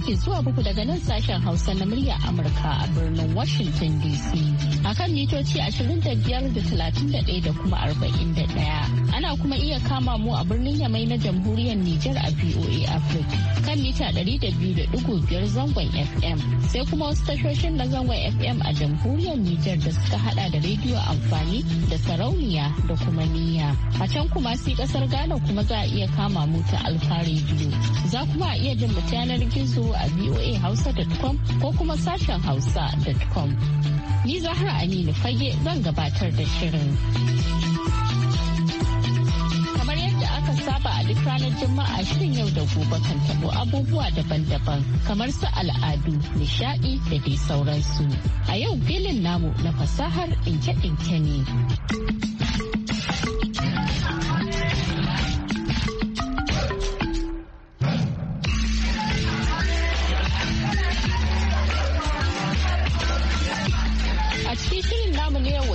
ke zuwa muku daga nan sashen Hausa na murya Amurka a birnin Washington DC. Akan mitoci 25 da 31 da kuma 41. Ana kuma iya kama mu a birnin Yamai na jamhuriyar Nijar a VOA Africa kan mita 200.5 zangon FM. Sai kuma wasu tashoshin na zangon FM a jamhuriyar Nijar da suka hada da rediyo amfani da sarauniya da kuma niya. A can kuma sai kasar Ghana kuma za a iya kama mu ta Alfa Radio. Za kuma a iya jin mu yanar gizo a Hausa.com ko kuma sashen hausa.com. Ni Zahra Aminu Fage zan gabatar da shirin. saba a duk ranar jama'a shirin yau da gobe kan tabo abubuwa daban-daban kamar su al'adu, nishaɗi da dai sauransu. A yau filin namu na fasahar ɗinke-ɗinke ne.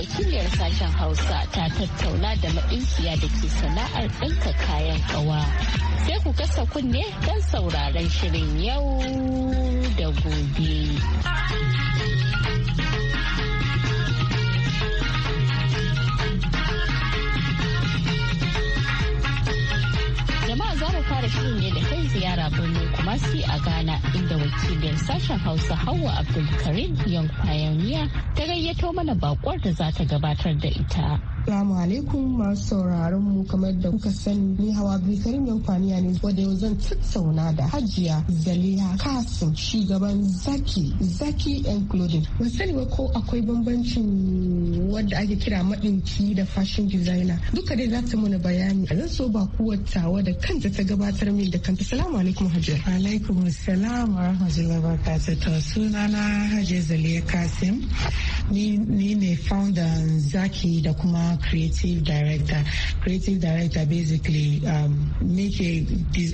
wakiliyar sashen hausa ta tattauna da maɗinkiya da ke sana'ar ɗinka kayan kawa sai ku kasa kunne don sauraron shirin yau da gobe. jama'a za mu fara shirin ne da kai ziyara birnin kumasi a ghana inda wakilin sashen hausa hawa abdulkarim young pioneer ta gayyato mana bakwar da za ta gabatar da ita. Salamu alaikum masu sauraron mu kamar da kuka sani ni hawa bikarin yau kwaniya ne wadda yau zan tattauna da hajiya zaliha kasim shugaban zaki zaki and clothing. Ban sani ko akwai bambancin wadda ake kira maɗinki da fashion designer duka dai za ta mana bayani a zan so ba tawa da kanta ta gabatar min da kanta. Salamu alaikum hajiya. Alaikum salam wa rahmatullahi wa barakatuh. Sunana hajiya zaliha kasim. ni ne founder zaki da kuma creative director creative director basically um, make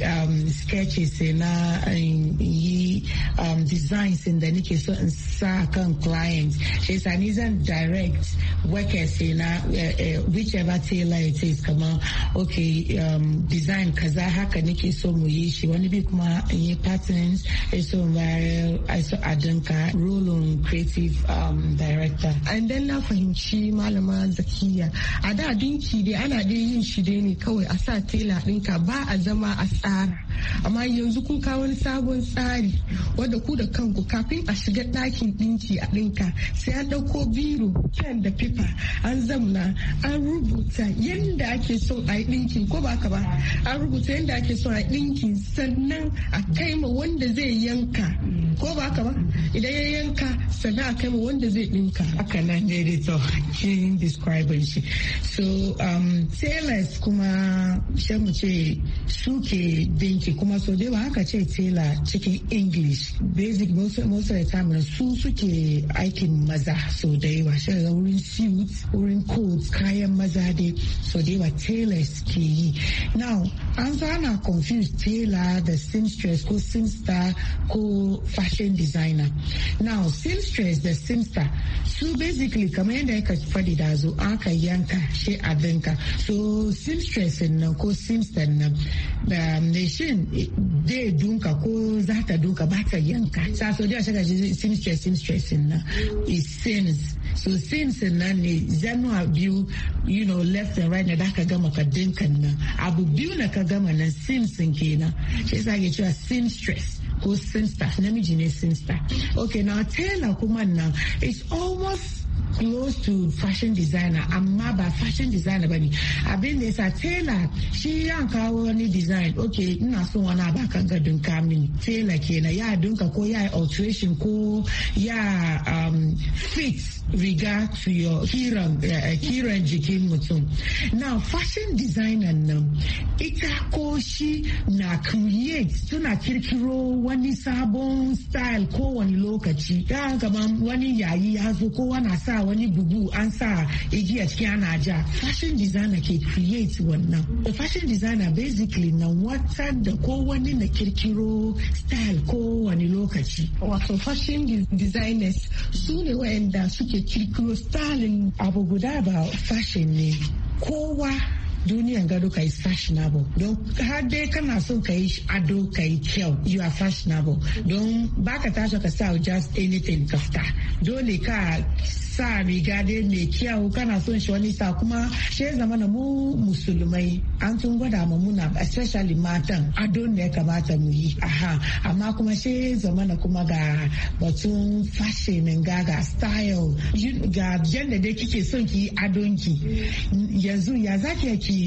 um, sketches na yi um, designs da nike so in sa kan client she yasa ni zan direct workers na eh, eh, whichever tailor it is kamar okay um, design kaza haka nike so mu yi shi wani bi kuma yi patterns so in bayar a creative um, director and then na fahimci malama zakiya a da dinki dai ana dai yin shi dai ne kawai a sa tela dinka ba a zama a tsara amma yanzu kun kawo wani sabon tsari wanda ku da kanku kafin a shiga ɗakin dinki a dinka sai an ɗauko biro pen da paper an zamna an rubuta yadda ake so a yi dinkin ko ba ka ba an rubuta yadda ake so a yi dinkin sannan a kai ma wanda zai yanka ko ba ka ba idan ya yanka sannan a kai ma wanda zai ɗinka. Haka nan ne da to kin describe shi. So um, tailors kuma sai mu ce suke dinki kuma so da haka ce tailor cikin English. Basic most, of the time su suke aikin maza so da yawa. Sai ga wurin suit, wurin coat, kayan maza dai so da yawa tailors ke yi. Now an zana confuse tela da seamstress ko simster ko fashion designer now seamstress da simster su basically kamar yadda aka faɗi da zo aka yanka shi a dinka so seamstress nan ko simster nan da shin dai dunka ko za ta dunka ba ta yanka sa so da shaka seamstress seamstress nan is sims so sims nan ne zanuwa biyu you know left and right na da ka gama ka nan abu biyu na ka gama nan simsin kenan shi yasa ke cewa simstress ko simster namiji ne simster okay na tailor kuma nan it's almost close to fashion designer amma ba fashion designer ba ne abin da yasa tela shi ya kawo wani design ok ina so wani abu kan ga dunka min tela kenan ya dunka ko ya alteration ko ya um, fit riga to your kiran eh, jikin mutum na fashion designer nan ita ko shi na create suna kirkiro wani sabon style kowane lokaci ya kamar wani yayi ya zo kowa na sa wani bugu an sa igiya cikin ana ja fashion designer ke create wannan the fashion designer basically na wata da ko wani na kirkiro style ko wani lokaci wato fashion designers su ne wayanda suke kirkiro style abu guda ba fashion ne kowa duniyan gado ka yi fashionable don har dai kana so ka yi ado ka yi kyau you are fashionable don baka tasha ka sa just anything ka fita dole ka sa riga dai mai kyau kana son shi wani sa kuma shi zama na mu musulmai an tun gwada mu muna especially matan adon ne kamata mu yi aha amma kuma shi zama na kuma ga batun fashion ga ga style ga yadda dai kike son ki adonki adon ki yanzu ya zaki ki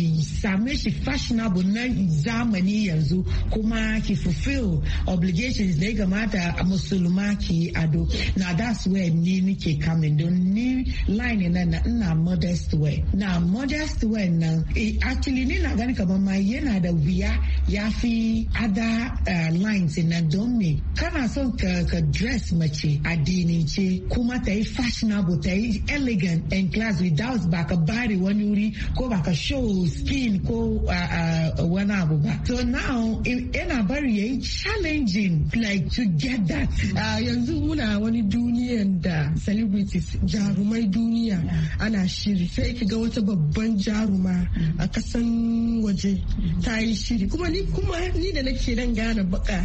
same shi fashionable na zamani yanzu kuma ki fulfill obligations da ya kamata musulma ki ado na that's where ni nike coming don ni line na na modest way na modest way Now, eh, actually ni na gani kamar ma yana da wuya ya fi ada eh, lines na don me kana son ka dress adini addinance kuma ta fashionable ta elegant and class without back a body wani wuri ko back ka show skin ko eh, wani abu so now in a very challenging like to get that ah, yanzu muna wani duniyan da celebrities jarumai duniya ana shiri sai ki ga wata babban jaruma a kasan waje ta yi shiri kuma ni kuma ni da nake nan gane baka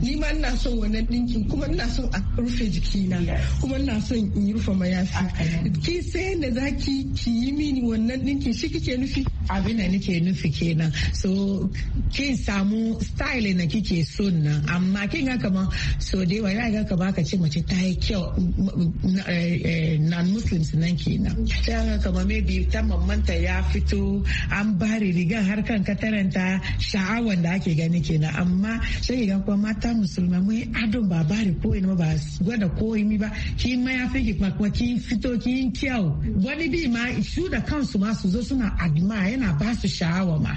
ni ma ina son wannan dinkin kuma ina son a rufe jikina kuma ina son in rufe mayafi ki sai da zaki ki yi mini wannan dinkin shi kike nufi abin da nake nufi kenan so kin samu style na kike son nan amma kin ga kamar so wa ya ga kamar ka ce mace ta yi kyau eh, eh, Nan muslims nan kenan haka ma maybe ta mamanta ya fito an bari rigan har kan kataranta sha'awan da ake gani kenan amma sai ga kuma mata musulma mai adon ba bari ko ina ba gwada koyi ba ki ma ya fi kuma ki fito ki kyau wani bi ma su da kansu ma su zo suna adma yana ba su sha'awa ma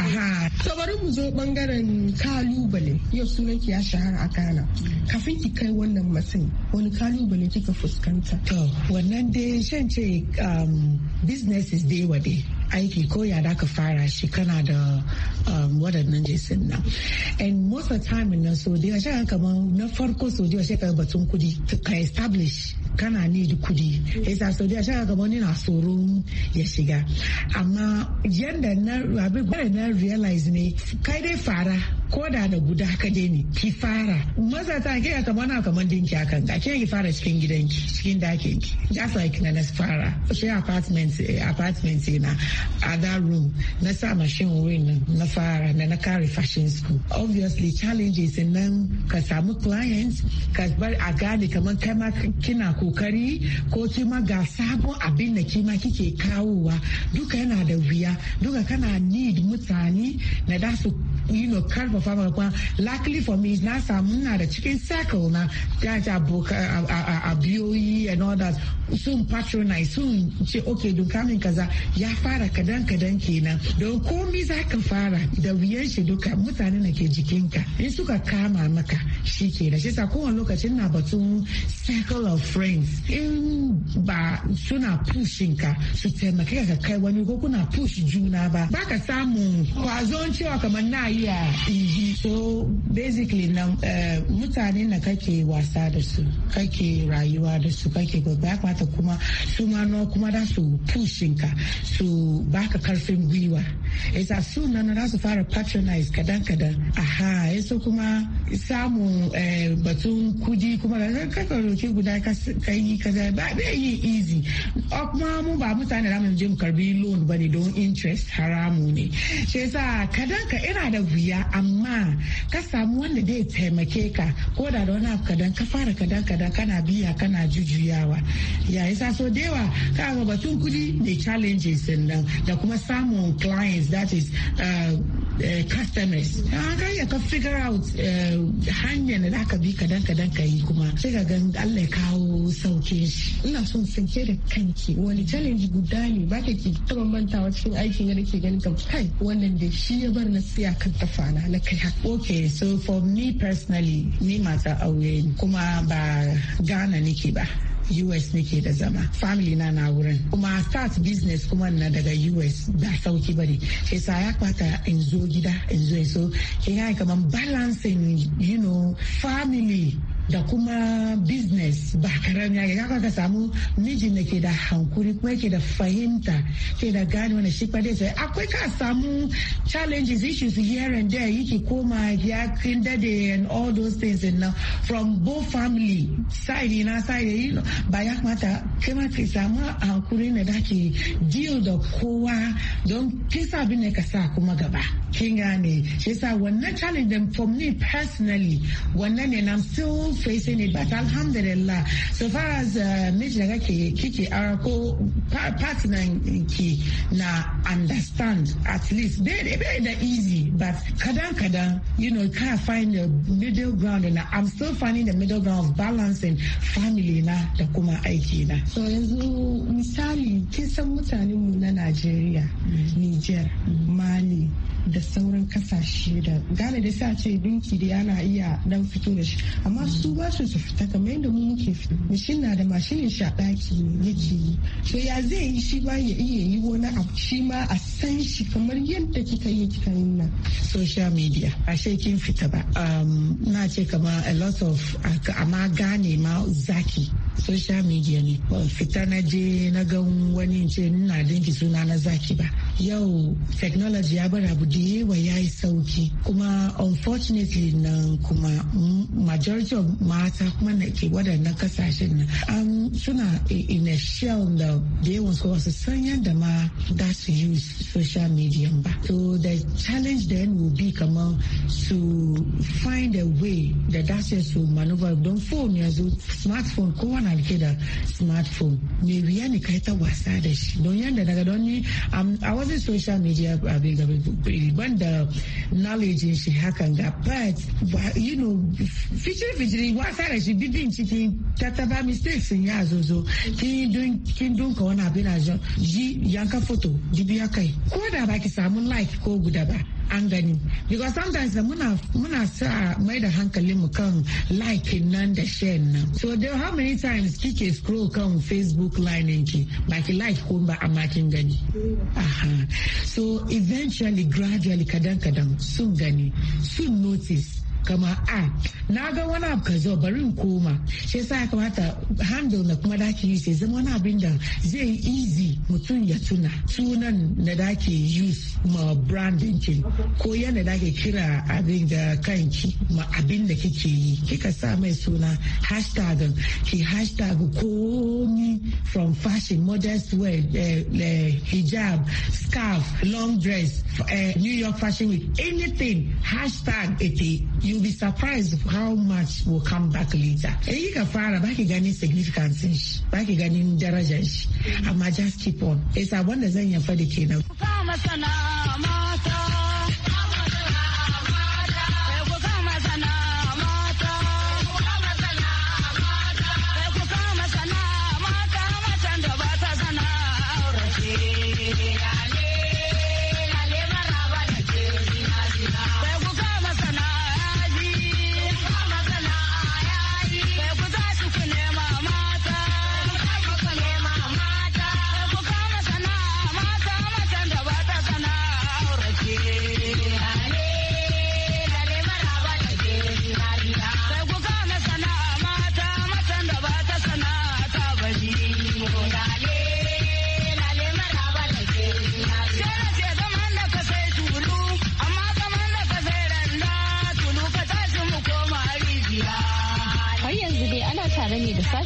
aha to bari mu zo bangaren kalubale yau sunan ki ya shahara a kana kafin ki kai wannan masin wani kalubale kika fuskanta To, wannan dai shan ce um, business is day wade aiki ko ya da ka fara shi kana da um, waɗannan na nan and most of the time in so da shi kamar na farko so da shi ka batun kudi ka establish kana need kudi yasa so da shi kamar ni na tsoron ya shiga amma yanda na abin na realize ne kai dai fara ko da da guda ka je ne ki fara maza ta ke ka mana kamar dinki a ka ke ki fara cikin gidanki cikin dakin ki like na na fara she apartment eh, apartment na other room na sa mashin wurin nan na fara na na kare fashion school obviously challenges nan ka samu clients ka bar a gane kamar kai ma kina kokari ko kima ga sabon abin da kima kike kawowa duka yana da wuya duka kana need mutane na da su yi no karfafa maka kuma luckily for me na samu na da cikin circle na that abiyoyi e and all that sun patronize sun ce okay don kamin kaza ya fara kadan kadan kenan don komi za ka fara da wuyan shi duka mutane na ke jikinka in suka kama maka shi ke da shi sa kowane lokacin na batun circle of friends in ba suna pushin ka su taimaka ka kai wani ko kuna push juna ba baka samun kwazon cewa kamar na iya eh, ji so basically na eh, mutane na kake wasa da su kake rayuwa da su kake ya kamata kuma su ma no kuma da su ka su baka karfin gwiwa isa su na na su fara patronize kadan kadan aha yaso kuma samun eh, batun kudi kuma da kaka roki guda ka yi ka zai ba bai yi easy ah, kuma mu ba mutane da mu je mu karbi loan bane don interest haramu ne shi yasa kadan ka ina da wuya amma amma ka samu wanda zai taimake ka ko da da wani abu kadan ka fara kadan kadan kana biya kana jujuyawa ya yi so da yawa ka ga batun kudi ne challenges nan da kuma samun clients that is uh, Eh, customers haka ya ka figure out eh, hanyar da zaka bi kadan kadan ka yi kuma sai ka gan Allah ya kawo sauke shi ina son sanke da kanki wani challenge guda ne ba ka ki taba mantawa cikin aikin da ke ganin kam kai wannan da shi ya bar na siya kan tafana na kai haka okay so for me personally ni mata aure kuma ba gana nake ba US nake da zama family na na wurin kuma start business kuma na daga US da sauki bari shi sa ya kwata in zo gida in zo so ke ya kaman balancing you know family da kuma business ba karami ya kaka ka samu mijin da ke da hankuri kuma yake da fahimta ke da gane wani shi fa sai akwai ka samu challenges issues here and there yake koma ya kin dade and all those things and now from both family side na side yi ba ya kamata kai ma ka samu hankuri ne da ke deal da kowa don kisa abin da ka sa kuma gaba kin gane shi yasa wannan challenge from me personally wannan ne na still facing it but alhamdulillah so far as uh, miji da kake kike ara ko partner ki na understand at least bai da easy but kadan kadan you know ka find the middle ground and I'm still finding the middle ground of balancing family na da kuma aiki na so yanzu misali kin san mutanen mu na Najeriya Niger Mali da sauran kasashe da gane da sa ce dinki da yana iya dan fito da shi amma su su ba su fita kamar yadda mu muke fita mashin na da mashinin shi ɗaki ne yake yi to ya zai yi shi ba ya iya yi wani abu shi ma a san shi kamar yadda kika yi kika yi nan social media ashe kin fita ba um, na ce kama a lot of amma gane ma zaki social media ne fita na je na ga wani ce nuna dinki suna na zaki ba yau technology ya bar abu da yawa ya yi sauki kuma unfortunately nan kuma majority of mata kuma na ke wadannan kasashen nan an suna in a shell da da yawan su wasu san yadda ma da su use social media ba so the challenge then will be kamar su find a way da da su maneuver don phone yanzu smartphone kowane kana rike da smartphone me wuya ne kai ta wasa da shi don yadda daga don ni um, a wasu social media abin um, da ban da knowledge shi hakan ga but you know fijiri fijiri wasa da shi bibin cikin ta taba mistakes ya zozo kin dunka wani abin a ji yanka foto dibiya kai ko da ba ki samu like ko guda ba an gani because sometimes da muna muna sa mai da hankali mu kan like nan da share nan so da how many times kike scroll kan facebook line ki ba ki like ko ba amma kin gani aha so eventually gradually kadan kadan sun gani sun notice kama a ah, na ga wani abu ka zo bari in koma shi yasa ya kamata handle na kuma daki use zama wani abin da zai easy mutum ya tuna sunan na daki use ma brand ko yana da ke kira abin da kanki ma abin da kike yi kika sa mai suna hashtag ki hashtag komi from fashion modest wear eh, eh, hijab scarf long dress eh, new york fashion week anything hashtag ita you'll be surprised how much will come back later eh, in kika fara baki ganin significance shi baki ganin darajar shi amma just keep on isa eh, wanda zan yafa da kenan masana mata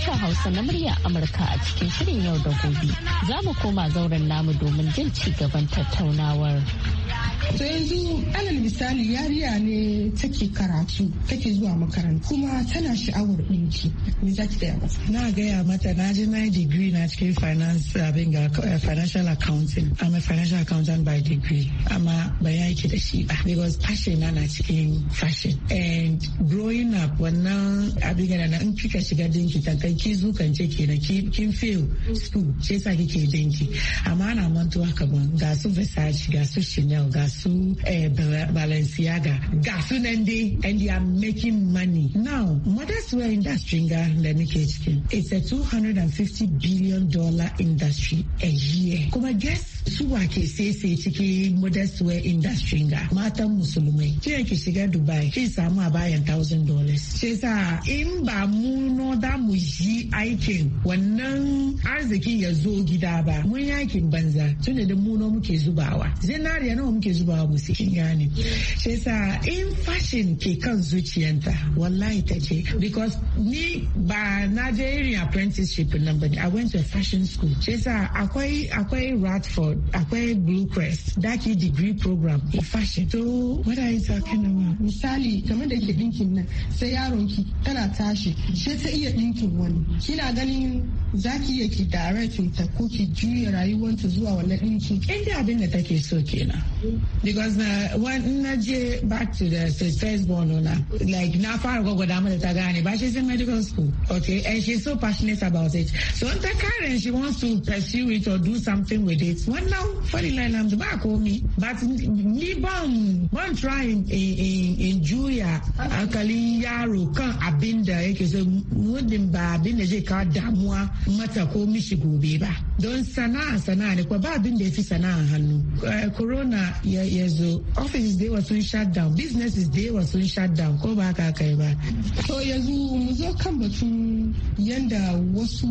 sashen Hausa na murya Amurka a cikin shirin yau da gobe. Za mu koma zauren namu domin jin ci gaban tattaunawar. to yanzu alal misali yariya ne take karatu take zuwa makaranta kuma tana sha'awar ɗinki me za ki gaya mata na gaya mata na je na degree na cikin finance abin ga eh, financial accounting i'm a financial accountant by degree amma ya yaki da shi ba because fashion na na cikin fashion and growing up wannan abin ga na in kika shiga dinki kai ki kan zukance kenan kin fail school sai sa kike dinki amma ana mantuwa kaman ga su Versace ga su Chanel ga su eh, Balenciaga ga Nendi, and they are making money. Now, mothers wear industry let me catch cikin. It's a 250 billion dollar industry a year. Come, I guess su ke sese ciki modest wear industry ga matan musulmai Jiya ki shiga dubai ki samu a bayan thousand dollars ce sa in ba mu no da mu yi aikin wannan arzikin ya zo gida ba mun yakin banza tunda da mu no muke zubawa zinariya nawa muke zubawa mu sikin gane ce sa in fashion ke kan zuciyanta wallahi ta ce because ni ba Nigerian apprenticeship nan i went to a fashion school ce sa akwai akwai for. akwai blue crest daki degree program in fashion to wada yi talking about misali game da ke dinkin nan sai yaron ki tana tashi sai ta iya dinkin wani kina ganin zaki iya ki direct ta ko ki juya rayuwanta zuwa wannan dinkin inda abin da take so kenan because na uh, when na je back to the first born ona like na fara gwagwada mata ta gane ba she's in medical school okay and she's so passionate about it so in ta karen she wants to pursue it or do something with it wannan falilai lamdu ba komi but ni ban ban try in juya hankalin yaro kan abin da yake eh, so muddin ba abin da zai kawo damuwa mata ko mishi gobe ba don sana'a sana'a ne ba abin da ya fi sana'a hannu eh, corona ya zo offices da shut down businesses da wasu shut down ko ba ka kai ba to yanzu mu zo kan batun yanda wasu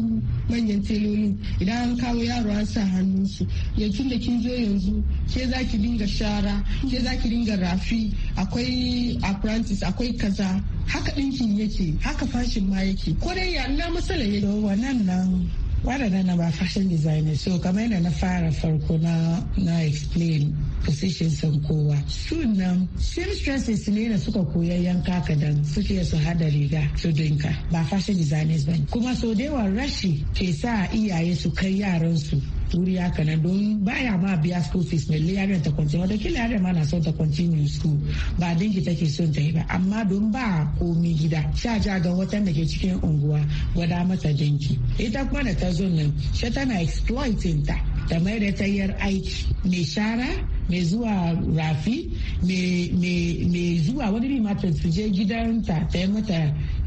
manyan teloli idan an kawo yaro an sa hannun su yakin da kin zo yanzu ke za ki dinga shara ke za ki dinga rafi akwai apprentice akwai kaza haka ɗinkin yake haka fashin ma yake ko dai ya na matsala yake wannan nan waɗannan na ba fashion designer so kamar yadda na fara farko na na explain position sun kowa sunan seamstresses ne da suka koya yanka kadan suke su hada riga su dinka ba fashion designers ba kuma so da rashi ke sa iyaye su kai yaran su wuri haka nan don baya ma biya school fees mai yarin ta kwanci watakila yarin ma na son ta continue school ba dinki take son ta yi ba amma don ba komi gida sha ja ga watan da ke cikin unguwa gwada mata dinki ita kuma da ta zo nan shi tana exploiting ta da mai da tayyar aiki mai shara mai zuwa rafi mai zuwa wani bi mata su je gidanta ta yi mata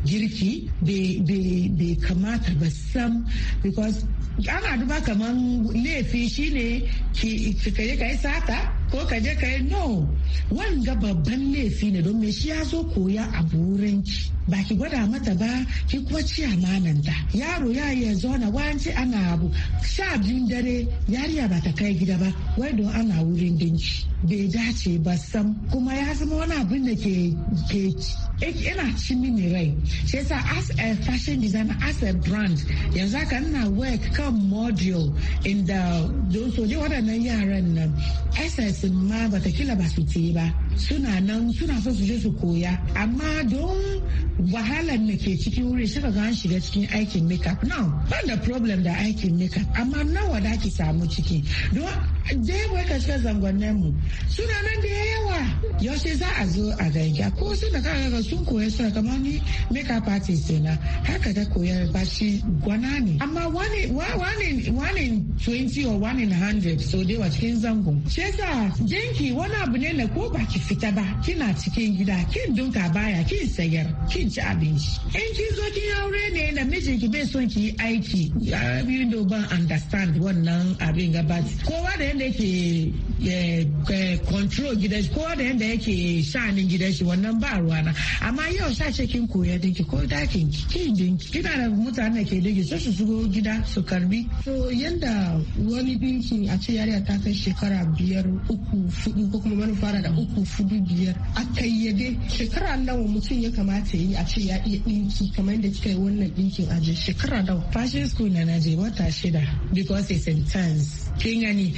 girki bai kamata ba sam because ana duba kamar laifi shine ki ka yi ka sata ko ka je ka no wanga babban laifi ne don me shi ya zo koya a burin ki ba ki gwada mata ba ki kuma ci amananta yaro ya yanzu zauna wanci ana abu sha biyun dare yariya ba ta kai gida ba wai don ana wurin dinki bai dace ba sam kuma ya zama wani abin da ke Eh, yana ci mini rai shi yasa as a fashion designer as a brand yanzu haka ina work kan module inda so dai waɗannan yaran nan ss ma batakila ba su ci ba suna nan suna so su je su koya amma don wahalar da ke cikin wuri suka ga an shiga cikin aikin makeup now ban da problem da aikin makeup amma nawa da ki samu ciki don je wai ka shiga zangonnen mu suna nan da yawa yaushe za a zo a gaida ko suna kaga sun koya suna kamar ni makeup artist na haka da koyar ba shi gwana ne amma wani in wani 20 or wani 100 so dai wa cikin zangon shi yasa jinki wani abu ne na ko baki fita ba kina cikin gida kin dunka baya kin sayar kin ci abinci in kin zo kin aure ne na mijin ki bai son ki yi aiki abin yin ban understand wannan abin gaba kowa da yanda yake eh, eh, control gida shi kowa da yanda yake shanin gida shi wannan ba ruwana amma yau sha ce kin koya dinki ko dakin ki kin dinki kina da mutane ke dinki sai su shigo gida su karbi to yanda wani dinkin a ce yariya ta kai shekara biyar uku fudu ko kuma manufara da uku hudu biyar a kayyade shekara nawa mutum ya kamata yi a ce ya iya dinki kamar da kika yi wannan dinkin aje shekara nawa fashion school na naje wata shida because it's intense kin gani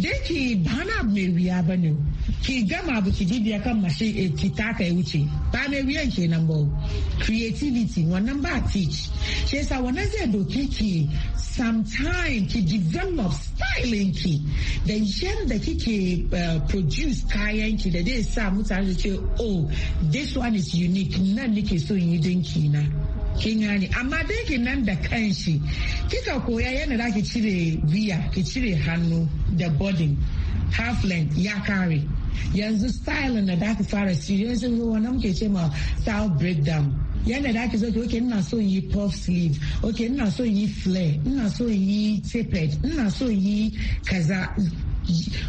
dai ki ba na mai wuya ba ne ki gama bu ki dibiya kan mashi eh, ki taka ya wuce ba mai wuyan kenan ba creativity wannan ba teach shi yasa wannan zai doke ki sometime ki develop styling ki da yadda kike eh, produce kayan ki da dai sa mutane ce oh this one is unique nan nake so yi dinki na kin gane amma dinkin nan da kanshi kika koya yana da ki cire biya ki cire hannu da bodin half length ya kare yanzu style na da ki fara shi yanzu wannan muke ce ma style breakdown yana da ki zo ke ina so yi puff sleeve ok ina so yi flare ina so yi tapered ina so yi kaza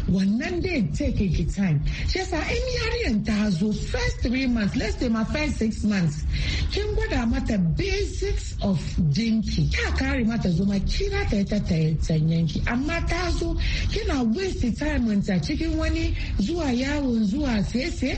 wannan dai take ki time shi yasa in yarinyar ta zo first three months let's say ma first six months kin gwada mata basics of dinki ka kare mata zuma kira ta ta tattayen ki amma ta zo kina waste time ta cikin wani zuwa yawon zuwa sese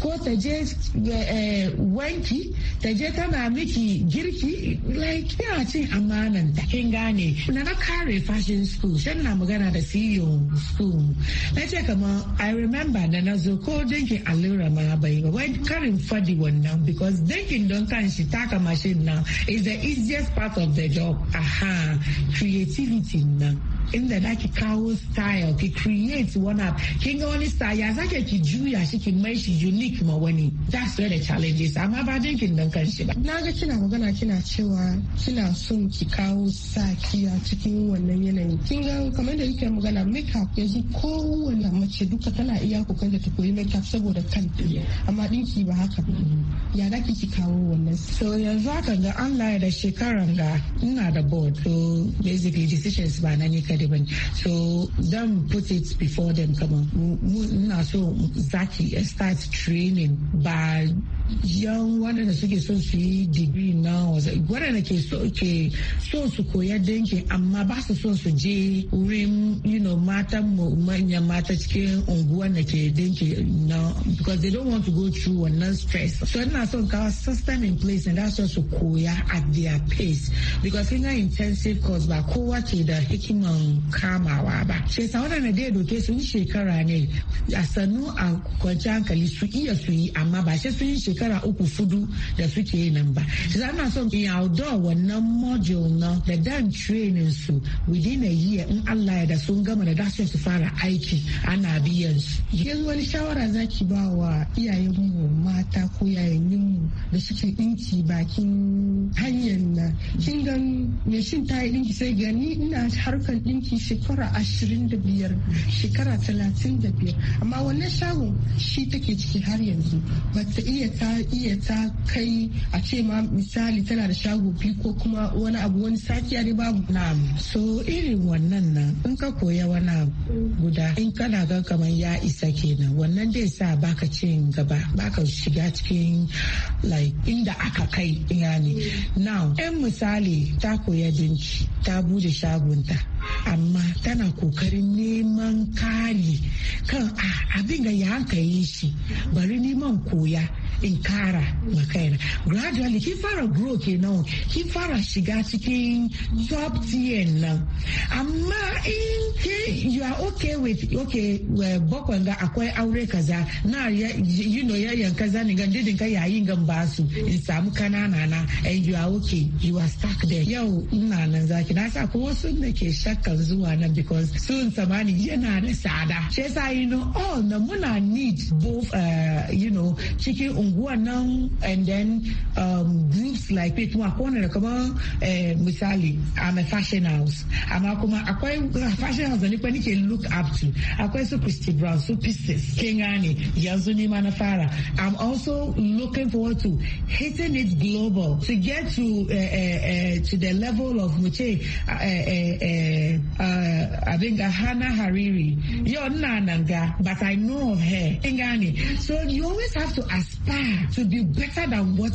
ko ta je eh, eh, wanki ta je tana miki girki like kina cin amanan ta kin gane na na kare fashion school shan na magana da CEO school school na ce kamar i remember da na zo ko dinkin allura ma bai ba wai karin one now, because not can kan shi a machine now is the easiest part of the job aha creativity now. inda da ki kawo style ki create one up kin ga wani style ya zake ki juya shi ki mai shi unique ma wani that's where the challenges amma ba kin dan shi ba na ga kina magana kina cewa kina son ki kawo saki a cikin wannan yanayi kin ga kamar da yake magana makeup yanzu kowanne mace duka tana iya kokarin da ta koyi makeup saboda kanta amma dinki ba haka ya zaki ki kawo wannan so yanzu haka ga an da shekaran ga ina da board so basically decisions ba na ni kada daidai ba so them put it before them kama muna so zaki start training ba yan waɗanda suke so su yi digiri na waɗanda ke so ke su koya dinki amma ba su so su je wurin you know matan manyan mata cikin unguwa da ke dinki na because they don't want to go through wannan stress so ina son kawo system in place and that's su koya at their pace because ina intensive course ba kowa ke da hikiman samun kamawa ba shi na dai doke sun shekara ne a sannu a kwanci hankali su iya su yi amma ba shi sun yi shekara uku fudu da suke nan ba shi na son in yaudo wannan module na da dan training su within a year in Allah ya da sun gama da dasu su fara aiki ana biyan su yanzu wani shawara zaki ba wa iyayen mu mata ko yayin mu da suke dinki bakin hanyar nan kin gan me shin ta yi dinki sai gani ina harkar ɗinki shekara ashirin da biyar shekara talatin da biyar amma wannan shagon shi take ciki har yanzu ba ta iya ta iya ta kai a ce ma misali tana da shago biyu ko kuma wani abu wani sakiya ne babu na'am so irin wannan nan in ka koya wani guda in kana ga kamar ya isa kenan wannan dai sa baka cin gaba baka shiga cikin like inda aka kai yani now yan misali ta koya dinki ta bude shagunta amma tana kokarin neman kari kan abin da ya ka yi shi bari neman koya in kara makaina gradually kin fara grow kenan kin fara shiga cikin top tier nan amma in ke you are okay with okay bakwai ga akwai aure kaza na you know yayan kaza ne ga didin ka yayi gan ba in samu kanana na and you are okay you are stuck there yau ina nan zaki na sa ko wasu ne ke sha shakkar zuwa nan because sun samani yana da tsada shi yasa you know all na muna need both uh, you know cikin unguwan nan and then um, groups like it kuma kona da kamar eh, misali I'm a fashion house amma kuma akwai uh, fashion house da ni nike look up to akwai su Christy Brown su yanzu ni ma na fara I'm also looking forward to hitting it global to get to uh, uh, to the level of mu I uh, think Hannah Hariri. You're not Nanga, but I know of her. So you always have to aspire to be better than what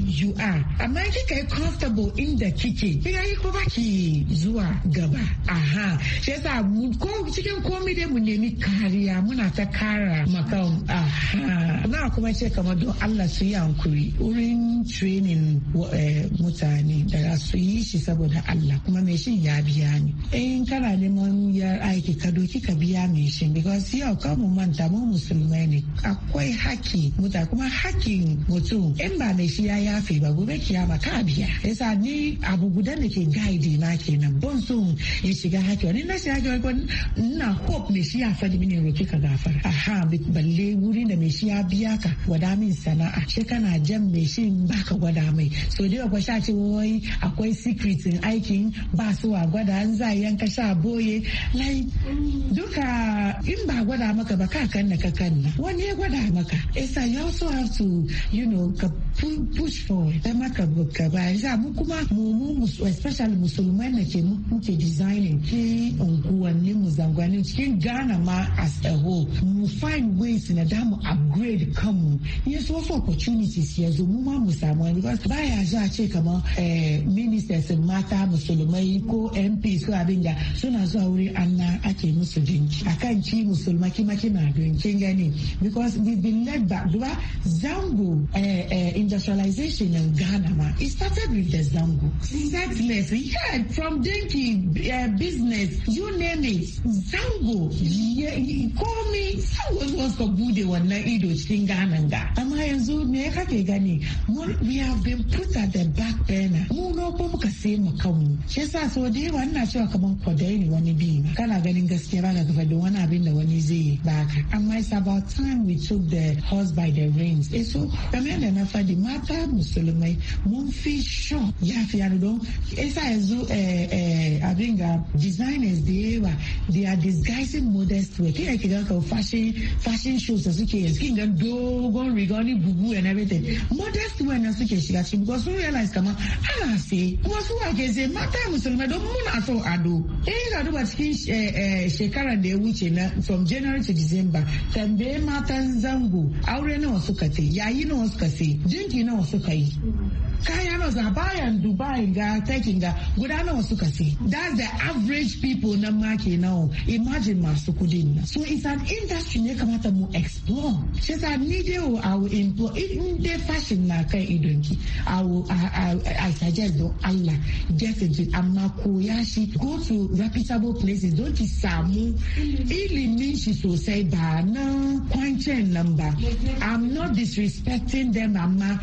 you are amma kika yi comfortable inda kike kika yi ko baki zuwa gaba aha shi yasa ko cikin komai dai mu nemi kariya muna ta kara maka aha na kuma ce kamar don Allah su yi hankuri wurin training eh, mutane da za su yi shi saboda Allah kuma mai shin ya biya ni in kana neman yar aiki ka doki ka biya mai shin because yau ka mu manta mu musulmai ne akwai haki muta kuma hakin mutum in ba mai shi ya yafe ba gobe kiyama ka biya yasa ni abu guda da ke guide na kenan bon so ya shiga haka wani na shiga haka wani na hope me shi ya faɗi mini roki ka gafar aha balle wuri da me shi ya biya ka gwada min sana'a shi kana jan me shi baka gwada mai so dai akwai sha ce wai akwai secret in aikin ba su a gwada an za yanka sha boye lai duka in ba gwada maka ba ka kanna ka kanna wani ya gwada maka yasa you also have to you know ka mushi kawai dan maka ka ba za mu kuma mu mu especially musulmai ne ke muke designing ke unguwanni mu zangwanin cikin Ghana ma as a whole mu find ways na da mu upgrade kanmu yes wasu opportunities ya zo mu ma mu samu wani ba ya ce kamar ministers mata musulmai ko MP su abin da suna zuwa wurin anna ake musu jinki akan ci musulma kima kina don kin gani because we been led back zango eh, eh, industrialization in Ghana, it started with the Zango. Settlers, yeah, from Dinky uh, business, you name it. Zango, yeah, call me. Zango was for good, one Ido, Shingananga. Amayanzu, Nekakegani. We have been put at the back burner. Muno, Popokase, Makamu. Shesa, so they were not sure kamar I ne wani bi kana ganin gaskiya ba ka da wani abin da wani zai yi ba ka amma it's about time we took the horse by the reins eh so I yadda na fadi mata musulmai eh, mun fi shan yafiya ne don isa yanzu abin ga designers da yawa they are disguising modest wear kina ki ga fashion fashion shows da suke yanzu kin ga dogon riga ni bubu and everything modest wear na suke shiga because sun realize kamar ana sai kuma su wake sai mata musulmai don muna so ado in ka duba cikin shekarar da ya wuce na from january to december tambaye matan zango aure nawa suka ce yayi nawa suka ce jinki nawa suka suka yi kaya na za bayan dubai ga taking ga guda nawa suka sai that's the average people na ma now. imagine masu na so it's an industry ne kamata mu explore shi sa ni dai i employ in dai fashion na kan idonki i will I, I, I suggest don Allah get into amma koya shi go to reputable places don ki samu ilimin shi sosai ba na kwanciyar number. i'm not disrespecting them amma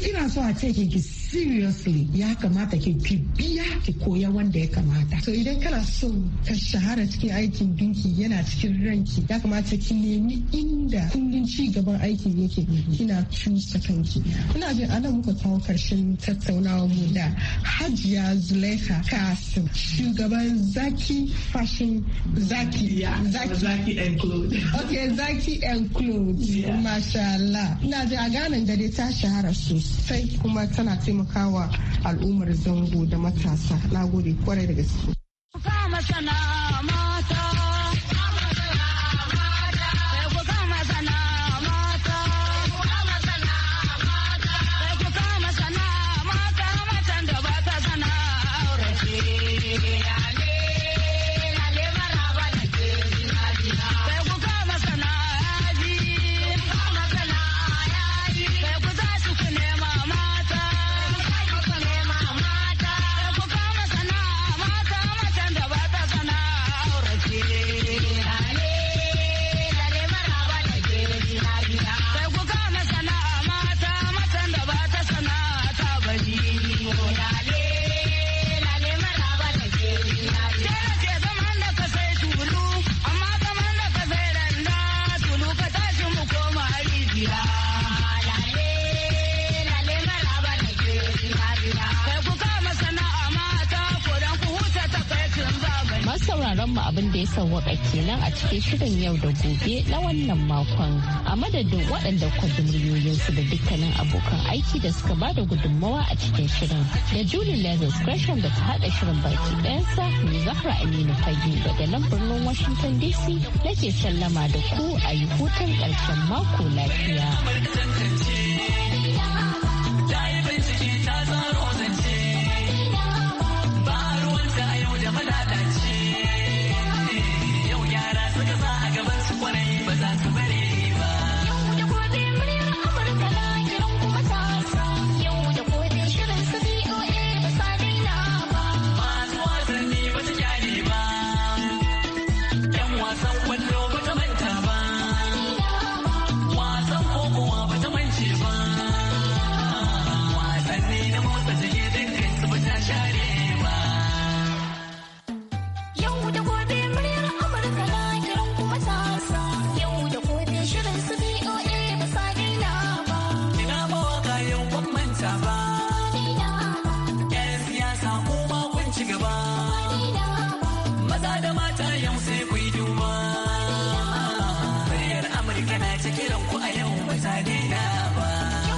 kina so a take ki seriously ya kamata ki ki biya ki koya wanda ya kamata to idan kana so ka shahara cikin aikin dinki yana cikin ranki ya kamata ki nemi inda kundin ci gaban aikin yake kina cusa kanki ina jin ana muka kawo karshen tattaunawa mu da Hajiya Zuleka Kasim shugaban Zaki Fashion Zaki Zaki and Clothes okay Zaki and Clothes masha ina jin a ganin da ta shahara sosai sai kuma tana taimakawa al'ummar zango da matasa na kwarai da gaske. ke shirin yau da gobe na wannan makon a madadin waɗanda kwadin su da dukkanin abokan aiki da suka ba da gudunmawa a cikin shirin da julie lezis gresham da ta haɗa shirin baki ɗayansa mai zahra aminu fage daga nan birnin washington dc nake sallama da ku a yi hutun ƙarshen mako lafiya.